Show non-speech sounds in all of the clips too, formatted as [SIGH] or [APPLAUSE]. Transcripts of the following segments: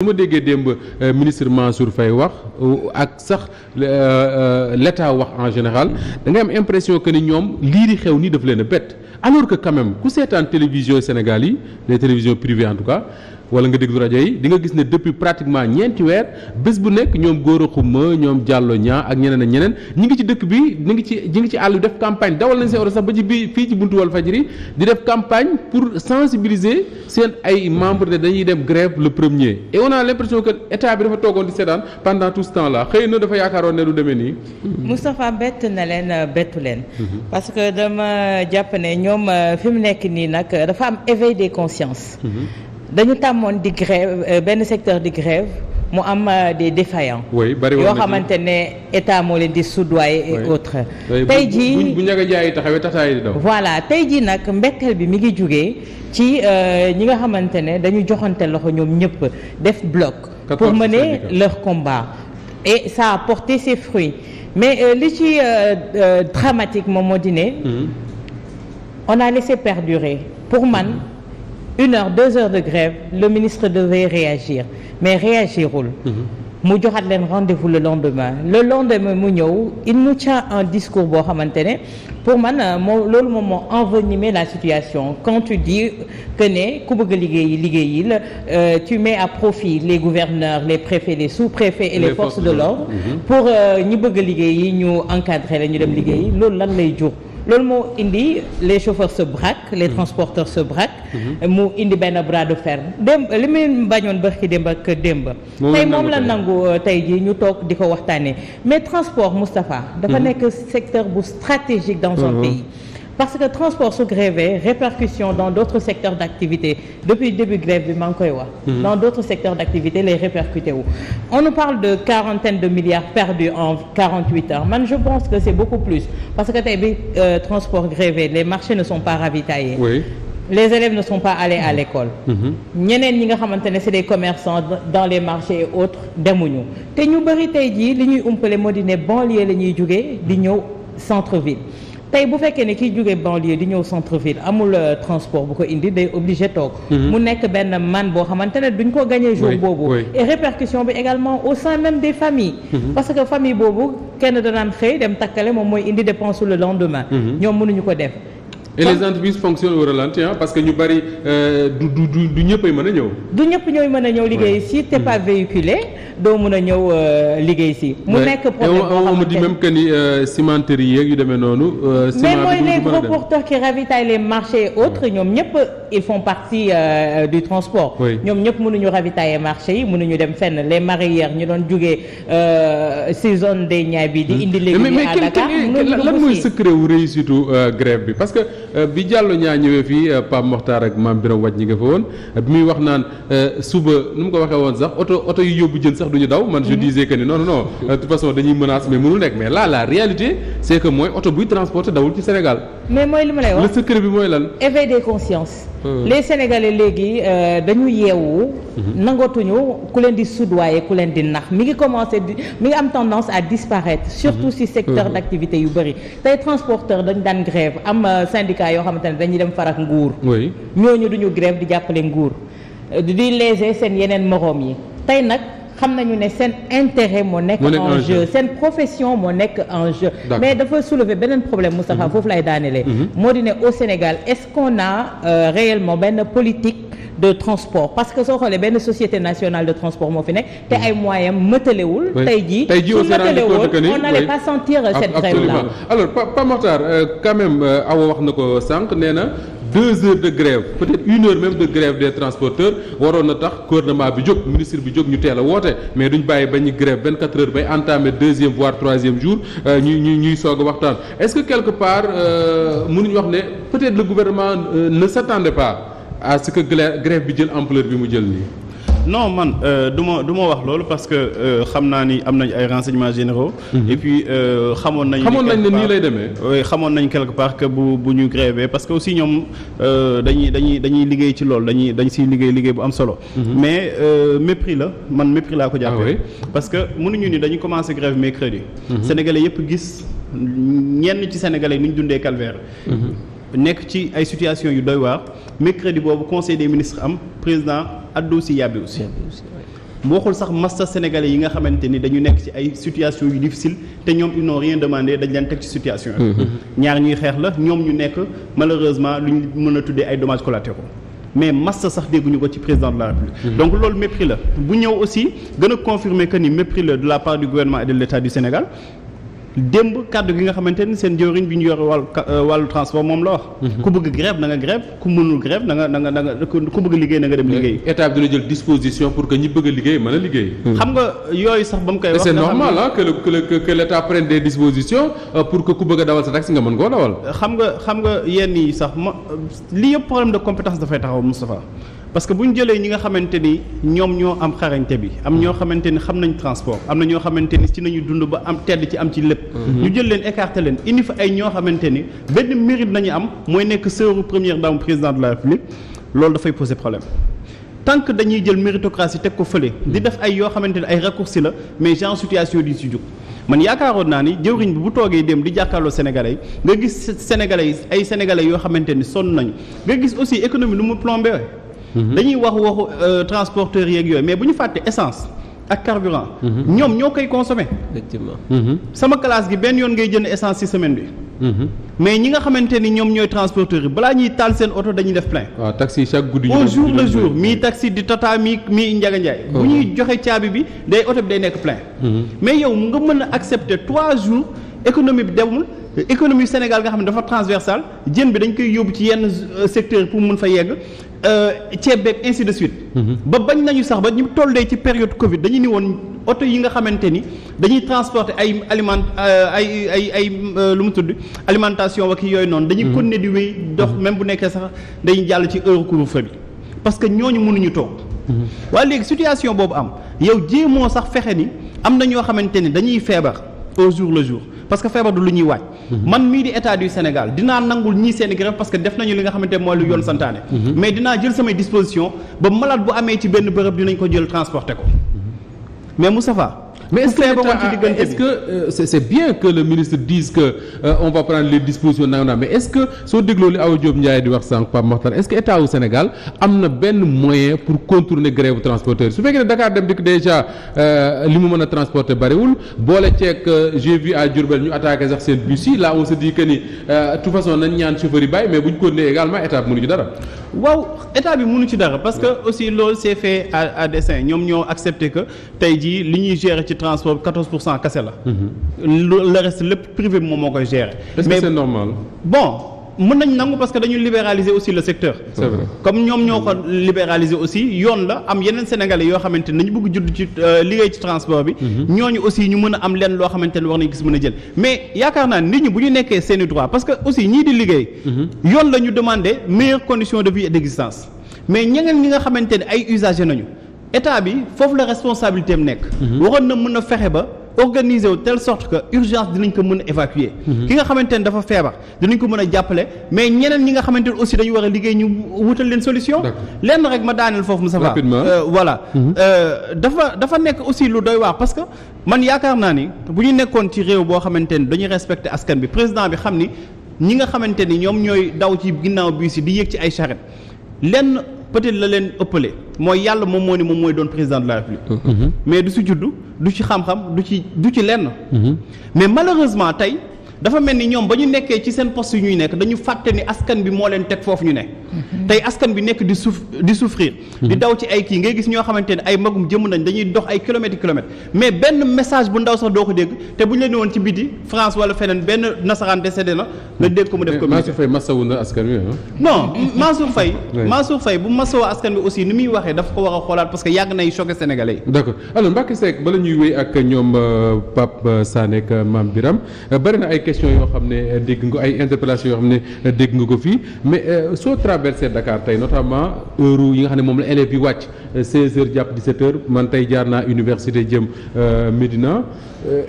lu ma déggee démb euh, ministre Mansour fay wax euh, ak sax euh, l'État wax en général da ngay am impression que ni ñoom lii di xew nii daf leen a bett alors que quand même ku seetaan télévision Sénégal yi les télévisions privées en tout cas wala nga déglu rajo yi di nga gis ne depuis pratiquement ñeenti weer bés bu nekk ñoom góora a xumma ñoom jàlloo ñaa ak ñeneen ak ñeneen ñi ngi ci dëkk bi ñi ngi ci ñi ngi ci àll bi def campagne dawal nañ seen oto sax ba ci bii fii ci buntu Walfadjri di def campagne pour sensibiliser seen ay membres ne dañuy dem grève le premier et on a l'impression que bi dafa toogoon di seetaan pendant tout ce temps là xëy na dafa yaakaaroon ne du demee nii. Moustapha bett na leen bettu leen. Mhm. parce que dama jàpp ne ñoom euh, fi mu nekk nii nag dafa am éveil des consciences. Mhm. dañu tàmmoon di grève euh, benn secteur di grève mu am euh, des défaillants oui yoo xamante ne état moo leen di soudoyer et autres tey jii voilà tey jii nag mbetteel bi mi ngi jugee ci euh, ñi nga xamante ne dañu joxante loxo ñoom ñëpp def bloc pour mener leur combat et ça a porté ses mais li ci euh, euh, moom moo di ne hmm. on a laissé perdurer pour man hmm. une heure deux heures de grève le ministre devait réagir mais réagirul mu joxaat leen rendez-vous le lendemain le lendemain mu ñëw il nous tient un discours boo xamante ne pour man moo loolu moom moo envenimé la situation quand tu dis que ne ku bëgg a liggéeyi liggéeyil euh, tu mets à profit les gouverneurs les préfets les sous-préfets et les, forces de l'ordre pour euh, ñi bëgg a liggéeyi ñu encadrer la ñu dem liggéeyi loolu lan lay jur loolu moo indi les chauffeurs se braquent les mmh. transporteurs se braquent mmh. mu indi benn bras de démb li muy bañoon ba ki démb ak démb tey moom la nangu tey euh, ji ñu toog di ko waxtaanee mais transport Moustapha dafa mmh. nekk secteur bu stratégique dans son pays parce que transport su grévé répercussion dans d'autres secteurs depuis début grève bi maa ngi koy wax mhm. dans d'autres secteurs d'activité les répercuté wu on nous parle de quarantaine de milliards perdus man je pense que c'est beaucoup plus que tey bi euh, transport grévé les ne sont pas ravitaillés oui. les élèves ne sont pas allés à mhm. l'école mhm. ñeneen ñi nga xamante ne c'est des commerçants dans les marchés et autres demuñu te ñu bëri tey jii li ñuy umpale moo di la ñuy jóge di ñëw centre-ville tey bu fekkee ne kiy jógee banlieue di ñëw centre ville amul euh, transport bu ko indi day obligé toog. Mm-hmm. mu nekk benn man boo xamante ne duñ ko gagné jour boobu. et répercussion bi également au sein même des familles. Mm-hmm. parce que famille boobu kenn danaan xëy dem takkale moom mooy indi dépense le lendemain. Mm-hmm. ñoom mënuñu ko def. et les entreprises fonctionnent au ralenti ah parce que ñu bari euh, du du du a ñëw. du ñëpp ñooy mën a ñëw liggéey si te mm. pas véhiculé doo mën a ñëw euh, liggéey si. mu nekk problème on me dit même que ni euh, cimenterie yeeg noonu demee noonu. mais mooy les gros porteurs qui ravitaillent les marchés et autres ñoom ñëpp ils font partie du transport. ñoom ñëpp mënuñu ravitailler marché yi mënuñu dem fenn les mareyeurs ñu doon jugee si zone des ñaay bi di hmm. indi légumes yi à Dakar lan que. Euh, bi jàllo ñaa ñëwee fii euh, Pape Mokhtar ak maam Biram waj ñi nga fa woon euh, muy wax naan suba nu mu ko waxee woon sax oto oto yi yóbbu jën sax du ñu daw man je mhm. disais que ni non non de toute façon dañuy menace mais mënul nekk mais là la réalité c'est que mooy oto buy transporter dawul ci Sénégal mais mooy li ma lay wax le secret bi mooy lan éveil des consciences les Sénégalais léegi dañu yeewu Mhm. nangootuñu ku leen di soudoyer ku leen di nax mi ngi commencé di mi ngi am tendance à disparaître surtout mhm. si secteur mhm. d'activité yu bëri tey transporteur dañ daan grève am euh, syndicat yoo xamante ne dañuy dem farak nguur ñu duñu grève di jàppale nguur di léser seen yeneen moroom yi tey nag xam nañu ne seen intérêt moo nekk en jeu seen profession mo nekk en jeu mais dafa soulever beneen problème Moustapha mhm. foofu lay daanelee mhm. moo di ne au Sénégal est-ce qu'on a euh, réellement benn politique de transport parce que soo xoolee benn société nationale de transport moo fi nekk te mhm. ay moyens mëtalewul tey ji su mëtalewoon on n'allait pas sentir cette grève là alors Pa Makhtar euh, quand même euh, awa wax na ko sànq nee na deux heures de grève peut-être une heure même de grève des transporteurs waroon na tax gouvernement bi jóg ministre bi jóg ñu teel woote mais duñ bàyyi ba ñu grève 24 heures bay entamer deuxième voire troisième jour euh, ñuy ñuy ñuy a waxtaan est-ce que quelque part euh, mënuñ wax ne peut-être le gouvernement euh, ne s'attendait pas à ce que grève bi jël ampleur bi mu jël nii. non man euh, du ma du ma wax loolu parce que euh, xam naa ni am nañ ay renseignements généraux. Mhm. et puis euh, xamoon nañ. xamoon nañ ne nii lay demee. xamoon nañ quelque parce que bu bu ñu grève parce que aussi ñoom dañuy dañuy dañuy liggéey ci loolu dañuy dañ siy liggéey liggéey bu am solo. Mhm. mais mépris la man mépris laa ko ah jàppee. parce que mënuñu ni dañu commencé mais crédit mhm. Sénégalais yëpp gis ñenn ci sénégalais nu ñu dundee calvaire. nekk ci ay situation yu doy waar mercredi boobu conseil des ministres am président addu si yàbbi aussi mu waxul sax massa sénégalais yi nga xamante ni dañu nekk ci ay situation yu difficile te ñoom ils n'ont rien demandé dañ leen teg ci situation mhm. ñaar ñuy xeex la ñoom ñu nekk malheureusement lu ñu mën a tuddee ay dommages collatéraux mais massa sax dégguñu ko ci président de la République mhm. donc loolu mépris la bu ñëw aussi gën a confirmer que ni mépris la de la part du Sénégal démb kàddu gi nga xamante ni seen jëwriñ bi ñu yore wàllu euh, transport moom la wax. Mhm. ku bëgg grève na nga grève ku mënul grève na nga na nga na nga ku bëgg liggéey na nga dem liggéey. état bi dina jël disposition pour que ñi bëgg a liggéey mën a liggéey. Mhm. xam nga yooyu sax ba mu koy wax. normal ah que que que l'état prenne euh, pour que ku bëgg a dawal sa taxi nga mën koo dawal. xam nga xam nga yenn yi sax ma li yëpp problème de compétence dafay taxaw Moustapha parce que bu ñu jëlee ñi nga xamante ni ñoom ñoo am xarañte bi am ñoo xamante ni xam nañ transport am na ñoo xamante ni ci nañu dund ba am tedd ci am ci lépp mhm. ñu jël leen écarté leen indi fa ay ñoo xamante ni benn mérite nañu am mooy nekk sœuru première dame président de la république loolu dafay poser problème tant que dañuy jël mérito méritocratie teg ko fële di def ay yoo xamante ni ay raccourci la mais genre situation di si jug man yaakaaroon naa ni jëwriñ bi bu toogee dem di jàkkaarloo sénégalais yi nga gis ay sénégalais yoo xamante ni sonn nañu Mhm. dañuy wax waxu euh, transporteurs yeeg yooyu mais bu ñu fàtte essence ak carburant. Mhm. ñoom ñoo koy consommer. effectivement mhm. sama classe gi benn yoon ngay jënd essence ci semaine bi. mais ñi nga xamante ni ñoom ñooy transporteurs yi balaa ñuy taal seen oto dañuy def plein. waaw taxi chaque guddi. au jour le jour mii taxi di Tata mii mii Ndiaga Ndiaye. bu ñuy joxe caabi bi day oto bi day nekk plein. mais yow nga mën a accepter trois jours économie bi demul. économie Sénégal nga xam ne dafa transversale jën bi dañ koy yóbbu ci yenn euh, secteur pour mun fa yegg Euh, ceeb beeg ainsi de suite. Mhm. ba bañ nañu sax ba ñu de ci période Covid dañu ni woon oto yi nga xamante ni dañuy transporter ay aliment euh, ay ay ay euh, lu mu tudd alimentation ak yooyu noonu. dañuy mhm. continuer di wéy dox mhm. même bu nekkee sax dañu jàll ci heure couvre bi parce que ñooñu mënuñu toog. waaye léegi situation boobu am yow jéemoo sax fexe ni am na ñoo xamante ni dañuy feebar au jour le jour. parce que feebar du lu ñuy waaj mhm. man mii di état du Sénégal dinaa nangul ñii seeni grève parce que def nañu li nga xamante mooy lu yoon santaane mhm. mais dinaa jël samay disposition ba malade bu amee ci benn bërëb dinañ ko jël transporter ko mhm. mais Moustapha mais est-ce que est-ce que euh, c'est bien que le ministre dise que euh, on va prendre les dispositions nangam mais est-ce que soo dégloo li Awa Diop Ndiaye di wax sànq Pape Makhtar est-ce que état wu Sénégal am na benn moyen pour contourner grève transporteur su fekkee ne Dakar dem dikk déjà euh, li mu mën a transporter bariwul boole ceeg j'ai vu à Diourbel ñu attaqué sax seen bus yi on se dit que ni toute façon nañ ñaan chauffeur bàyyi mais buñ ko nee également état bi mënu transport bi 14 pour cent kese la. Mhm. lépp privé bi moom moo koy gérer. est-ce normal bon. mën nañ nangu parce que dañu libéraliser aussi le secteur c'est comme ñoom ñoo ko libéraliser aussi yoon la am yeneen sénégalais yoo xamante ne dañu bëgg judd ci euh, liggéey ci transport bi mhm. ñu aussi ñu mën a am lenn loo xamante ne war nañ gis mën a jël mais yaakaar naa nit ñi bu ñu nekkee seeni droit parce que aussi ñii di liggéey mhm. yoon la ñu demander meilleures conditions de vie mais ñeneen ñi nga xamante ne ay usagers nañu état bi foofu la responsabilité am nekk. Mhm. waxoon na mën a fexe ba organiser wu telle sorte que urgence dinañ ko mën a évacuer. Mhm. ki nga xamante ne dafa feebar dinañ ko mën a jàppale mais ñeneen ñi nga xamante ne aussi dañu war a liggéey ñu wutal leen solution. lenn rek ma daaneel foofu Moussa euh, voilà. Mhm. Euh, dafa dafa nekk aussi lu doy waar parce que man yaakaar naa ni bu ñu nekkoon ci réew boo xamante ni dañuy respecter askan bi président bi xam ni ñi nga xamante ni ñoom ñooy daw ci ginnaaw bii si di yéeg ci ay charrette lenn. peut-être la leen ëpple mooy yàlla moom moo ni moom mooy doon président de la République mhm. mais du si juddu du ci xam-xam du ci du ci lenn mhm. mais malheureusement tey dafa mel ni ñoom ba ñu nekkee ci seen poste yu ñuy nekk dañu fàtte ni askan bi moo leen teg foofu ñu ne tey askan bi nekk di suuf di souffrir di daw ci ay kii ngay gis ñoo xamante ne ay magum jëm nañ dañuy dox ay kilomètres i mais benn message bu ndaw sax doo ko dégg te bu ñu leen woon ci biti France wala feneen benn nasaraan décédé na nga dégg ko mu def communiqué Mansour Faye masawu na askan wi non Mansour Faye [LAUGHS] Mansour Faye bu masawoo askan bi aussi ni muy waxee dafa ko war a xoolaat parce que yàgg nay choqué sénégalais yi d'accord alors Mbacké Seck bala ñuy wéy ñoom euh, Pape Sané ak Mame Biram euh, bari na ay questions yoo xam ne euh, dégg nga ay interpellations yoo xam ne euh, dégg nga ko fii mais euh, soo traversé Dakar tey notamment heure yi nga xam ne moom la élèves yi wàcc 16h jàpp 17h man tey jaar naa université jëm Médina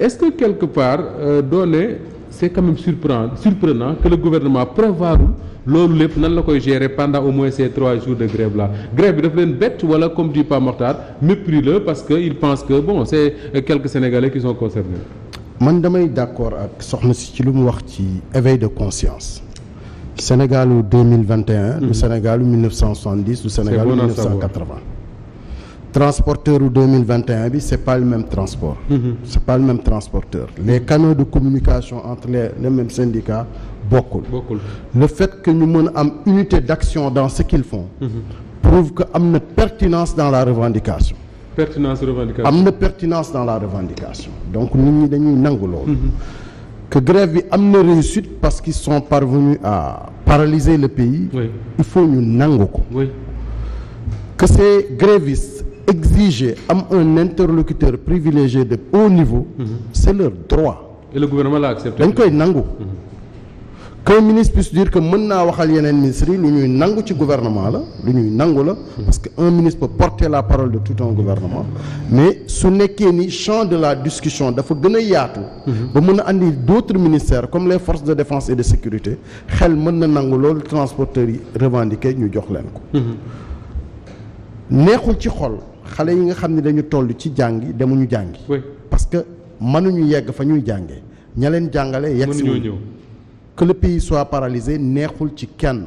est-ce que quelque part doo ne c'est quand même surprenant surprenant que le gouvernement prévoit loolu lépp nan la koy gérer pendant au moins ces trois jours de grève là grève bi dafa leen bett wala comme dit Pa Mokhtar mépris la parce que il pense que bon c'est quelques Sénégalais qui man damay d'accord ak soxna si ci lu mu wax ci éveil de conscience Sénégalu 2021 mm-hmm. du Sénégalu 1970 du Sénégalu 1980 transporteur u 2021 bi c'est pas le même transport mm-hmm. c'est pas même transporteur les canaux de communication entre les les mêmes syndicats bokkul le fait que ñu mën a am unité d'action dans ce qu'ils font mm-hmm. prouve que am na pertinence dans la revendication pertinence revendication am na pertinence dans la revendication donc nit ñi dañuy nangu loolu. Mhm. que grève bi am na réussite parce qu'ils sont parvenus à paralyser le pays. Oui. il faut ñu nangu ko. que ces grévistes exiger am un interlocuteur privilégié de haut niveau. Mm -hmm. c'est leur droit. et le gouvernement l'a accepté. dañ koy nangu. Mhm. qu'un ministre puisse dire que mën naa waxal yeneen ministres yi lu ñuy nangu ci gouvernement la lu ñuy nangu la parce que un ministre peut la parole de tout un gouvernement mais su nekkee ni champ de la discussion dafa gën a yaatu ba mën a indi d'autres ministère comme les forces de défense et de sécurité xel mën na nangu loolu transporteurs yi revendiqué ñu jox leen ko neexul ci xol xale yi nga xam ne dañu toll ci jàngi ñu jàngi parce que mënuñu yegg fa ñuy jàngee ña leen jàngale yegg si ñëw que le pays soit paralysé neexul ci kenn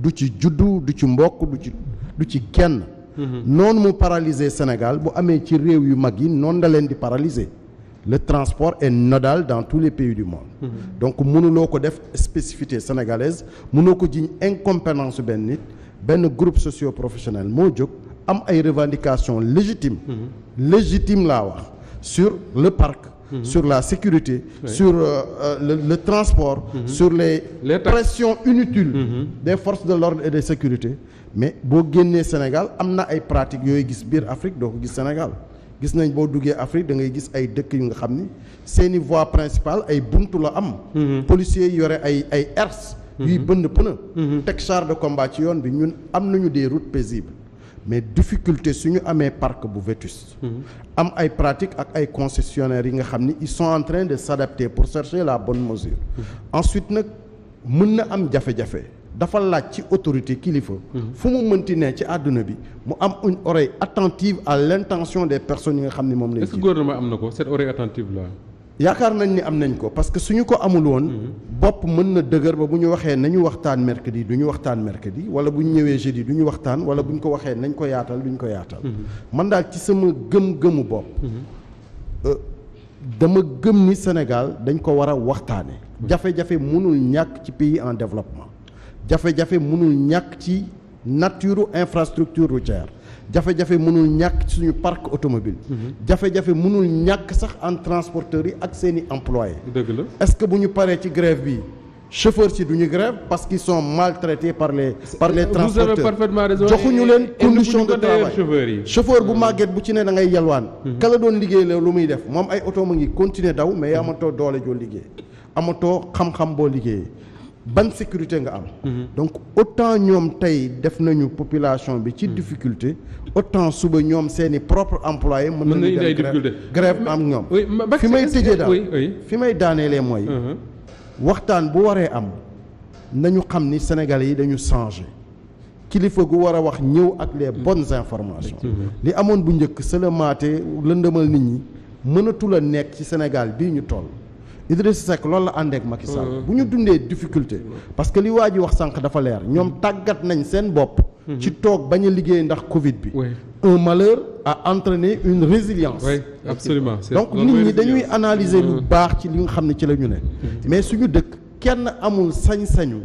du ci juddu du ci mbokk du ci du ci kenn mm-hmm. noonu mu paralysé Sénégal bu amee ci réew yu mag yi noonu la leen di paralysé le transport est nodal dans tous les pays du monde mm-hmm. donc mënuloo ko def spécificité sénégalaise noo ko jiñ incompétence benn nit benn groupe socio-professionnel moo jóg am ay revendications légitimes mmh. légitimes laa wax sur le parc Mhm. sur la sécurité, oui. sur euh, euh, le, le, transport, mmh. sur les, les pressions inutiles mhm. des forces de l'ordre et de sécurité mais boo génnee Sénégal am na ay pratiques yooyu gis biir Afrique doo ko gis Sénégal gis nañ boo duggee Afrique da ngay gis ay dëkk yu nga xam ni seeni voie principale ay buntu la am. Mhm. policiers yore ay ay herse yuy bënn pneu. teg char de combat ci yoon bi ñun am nañu des routes paisibles. mais difficulté su ñu amee parc bu vétuste. Mm-hmm. am ay pratique ak ay concessionnaires yi nga xam ni ils sont en de s'adapter pour chercher la bonne mesure. Mm-hmm. ensuite nag mën na am jafe-jafe dafa laaj ci autorité kilifa. Mm-hmm. fu mu mënti ne ci àdduna bi mu am une oreille attentive à l'intention des personnes yi nga xam ni moom lañ. est-ce que gouvernement am na ko cette oreille attentive là. yaakaar nañ ni am nañ ko parce que suñu ko amul woon. Mhm. bopp mën na dëgër ba bu ñu waxee nañu waxtaan mercredi du ñu waxtaan mercredi wala bu ñëwee jeudi du ñu waxtaan wala buñu ko waxee nañ ko yaatal du ñu ko yaatal. Mhm. man daal ci sama gëm-gëmu bopp. Mhm. Euh, dama gëm ni Sénégal dañ ko war a waxtaanee. jafe-jafe mënul ñàkk ci pays en développement jafe-jafe mënul ñàkk ci nature infrastructure routière jafe-jafe mënul ñàkk ci suñu parc automobile mhm. jafe-jafe mënul ñàkk sax en transporteur yi ak seen i employés dëgg la ce que bu ñu paree ci grève bi chauffeurs si duñu grève parce qu'ils sont maltraités par les par les transporteurs joxuñu leen condition de travail chauffeur bu mhm. màgget bu ci ne da ngay yalwaan mhm. kala doon liggéey la lu muy def moom ay oto ma ngi continuer daw mais amatoo doole joo liggéey amatoo xam-xam boo liggéeyee ban sécurité nga am. Mm-hmm. donc autant ñoom tey def nañu population bi ci mm-hmm. difficulté autant suba ñoom seen i propre employé mën nañu dem am ñoom. fi may tëjee daal fi may daaneelee mooy. Mm-hmm. waxtaan bu waree am nañu xam ni sénégal yi dañu changé kilifa gu war a wax ñëw ak les bonnes informations. li amoon bu njëkk seulement te lëndëmal nit ñi mënatul a nekk ci Sénégal bii ñu toll. Idrissa Seck loolu la àndeek Macky Sall mm-hmm. bu ñu dundee difficulté parce que li waa ji wax sànq dafa leer ñoom tàggat nañ seen bopp mm-hmm. ci toog bañ a liggéey ndax Covid bi un malheur a entraîné une résilience oui, absolument donc nit ñi dañuy analyser lu mm-hmm. baax ci li nga xam ne ci la ñu ne mais suñu dëkk kenn amul sañ-sañu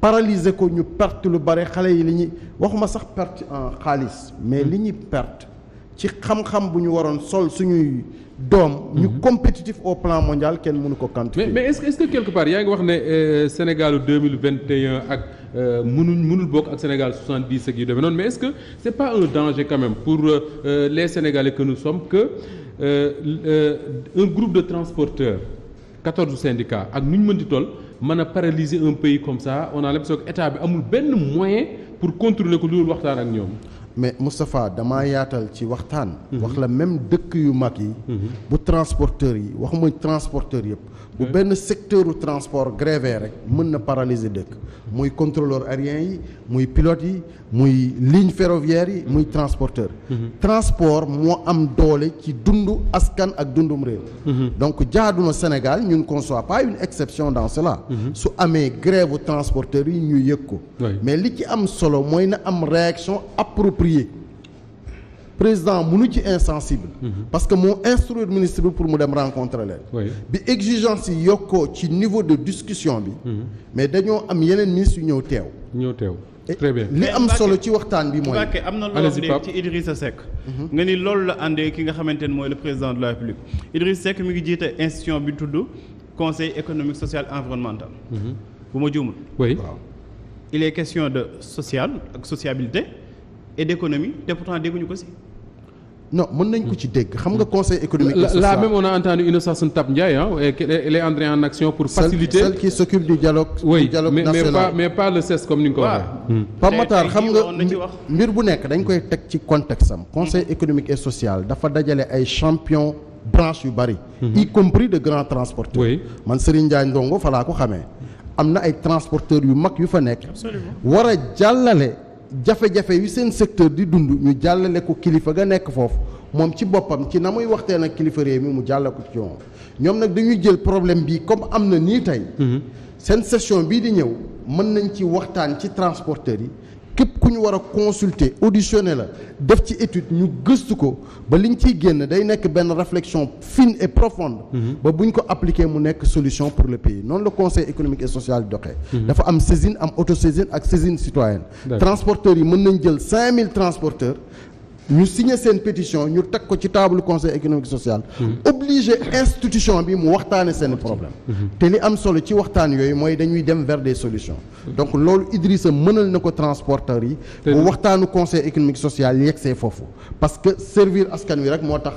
paralyser ko ñu perte lu bare xale yi li ñuy waxuma sax perte en xaalis mais li ñuy perte ci xam-xam bu ñu waroon sol suñuy doom. ñu mhm. compétitif au plan mondial kenn mënu ko quantifier. mais mais est-ce que est-ce que quelque part yaa ngi wax ne euh, Sénégalu vingt et un ak euh, mënuñ mënul bokk ak Sénégal soixante dix ak yu demee noonu mais est-ce que c'est pas un danger quand pour euh, euh, les Sénégalais que nous sommes que un groupe de transporteurs quatorze syndicats ak nu ñu mën di toll mën a paralyser un pays comme ça on a l'impression que état bi amul benn moyen pour contrôler ko loolu waxtaan ak ñoom. mais Moustapha damaa mm-hmm. yaatal ci waxtaan. Mm-hmm. wax la même dëkk yu mag yi. Mm-hmm. bu transporteurs yi waxuma transporteurs yëpp. bu benn secteur u transport grévé rek mën na paralyser dëkk. muy contrôleur aérien yi muy pilote yi muy ligne ferroviaire yi muy transporteur. transport moo am doole ci dundu askan ak dundum réew. donc jaaduna Sénégal ñun qu'on soit pas une exception dans su amee grève transporteurs yi ñu yëg ko. mais li ci am solo mooy na am réaction appropriée. approprié mu munu ci insensible mhm. parce que moo instruire ministre bi pour mu dem rencontrer leen bi exigence yi yokkoo ci niveau de discussion bi mhm. mais dañoo am yeneen ministre yu ñëw teew ñëw teew très li am solo ci waxtaan bi mooy Mbacké am na loo wax ci Idrissa Seck mhm. nga ni loolu la àndee ki nga xamante ne mooy le président de la République Idrissa Seck mi ngi jiite institution bi tudd conseil économique social environnemental bu ma juumul il est question de social et d'économie te pourtant dégguñu nañ ko ci dégg xam nga conseil économique. la même on a entendu Innocence Ntap Ndiaye ah mais mais pas mais pas le nga ko waxee. Hmm. Hmm. Pape Matar xam mbir bu nekk dañ koy teg ci contexte am. conseil économique et social dafa dajale ay champion branche yu bari. Hmm. y compris de grands transporteurs. oui man Serigne Ndiagne Ndongo fa ko xamee. am na ay transporteurs yu mag yu fa nekk. war a jàllale. jafe-jafe yu seen secteur di dund ñu jàllale ko kilifa ga nekk foofu moom ci boppam ci na muy waxteen nag kilifa réew mi mu jàllale ko ci ñoom ñoom nag dañuy jël problème bi comme am na nii tey mhm. seen session bii di ñëw mën nañ ci waxtaan ci transporteurs yi képp ku ñu war a consulter auditionné la def ci étude ñu gëstu ko ba li ñu ciy génn day nekk benn réflexion fine et profonde. Mhm. ba bu ñu ko appliquer mu nekk solution pour le pays noonu la conseil économique et social doxee. Mhm. dafa am saisine am autosaisine ak saisine citoyenne. transporteurs yi mën nañ jël 5000 transporteurs. ñu signé seen pétition ñu teg ko ci table conseil économique social. Mm-hmm. obligé institution bi mu waxtaane seen problème. Mm-hmm. te li am solo ci waxtaan yooyu mooy dañuy dem vers des solutions. Mm-hmm. donc loolu Idrissa mënal na ko transporteur yi. bu waxtaanu conseil économique social see foofu. parce que servir askan wi rek moo tax.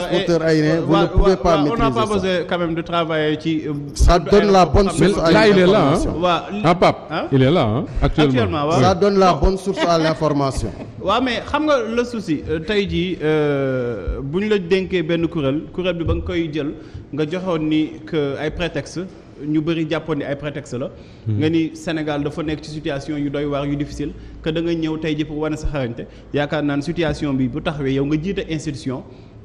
transporteurs eh, aériens vous ne de travailler ci. ça donne la bonne source à l'information ah Pape il est là actuellement ça donne la bonne source à l'information waaw mais xam nga le souci euh, tey jii euh, bu ñu la dénkee benn kuréel kuréel bi ba nga koy jël nga joxoon ni que ay prétexte ñu bëri jàppoon ni ay prétexte la hmm. nga ni Sénégal dafa nekk ci situation yu doy waar yu difficile que da nga ñëw tey ji pour wane sa xarañte yaakaar naan situation bi bu taxawee yow nga jiite institution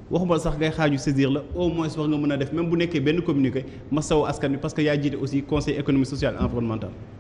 waxuma sax ngay xaaju saisir la au moins war nga mën a def même bu nekkee benn communiqué ma saw askan bi parce que yaa jiite aussi conseil économique social et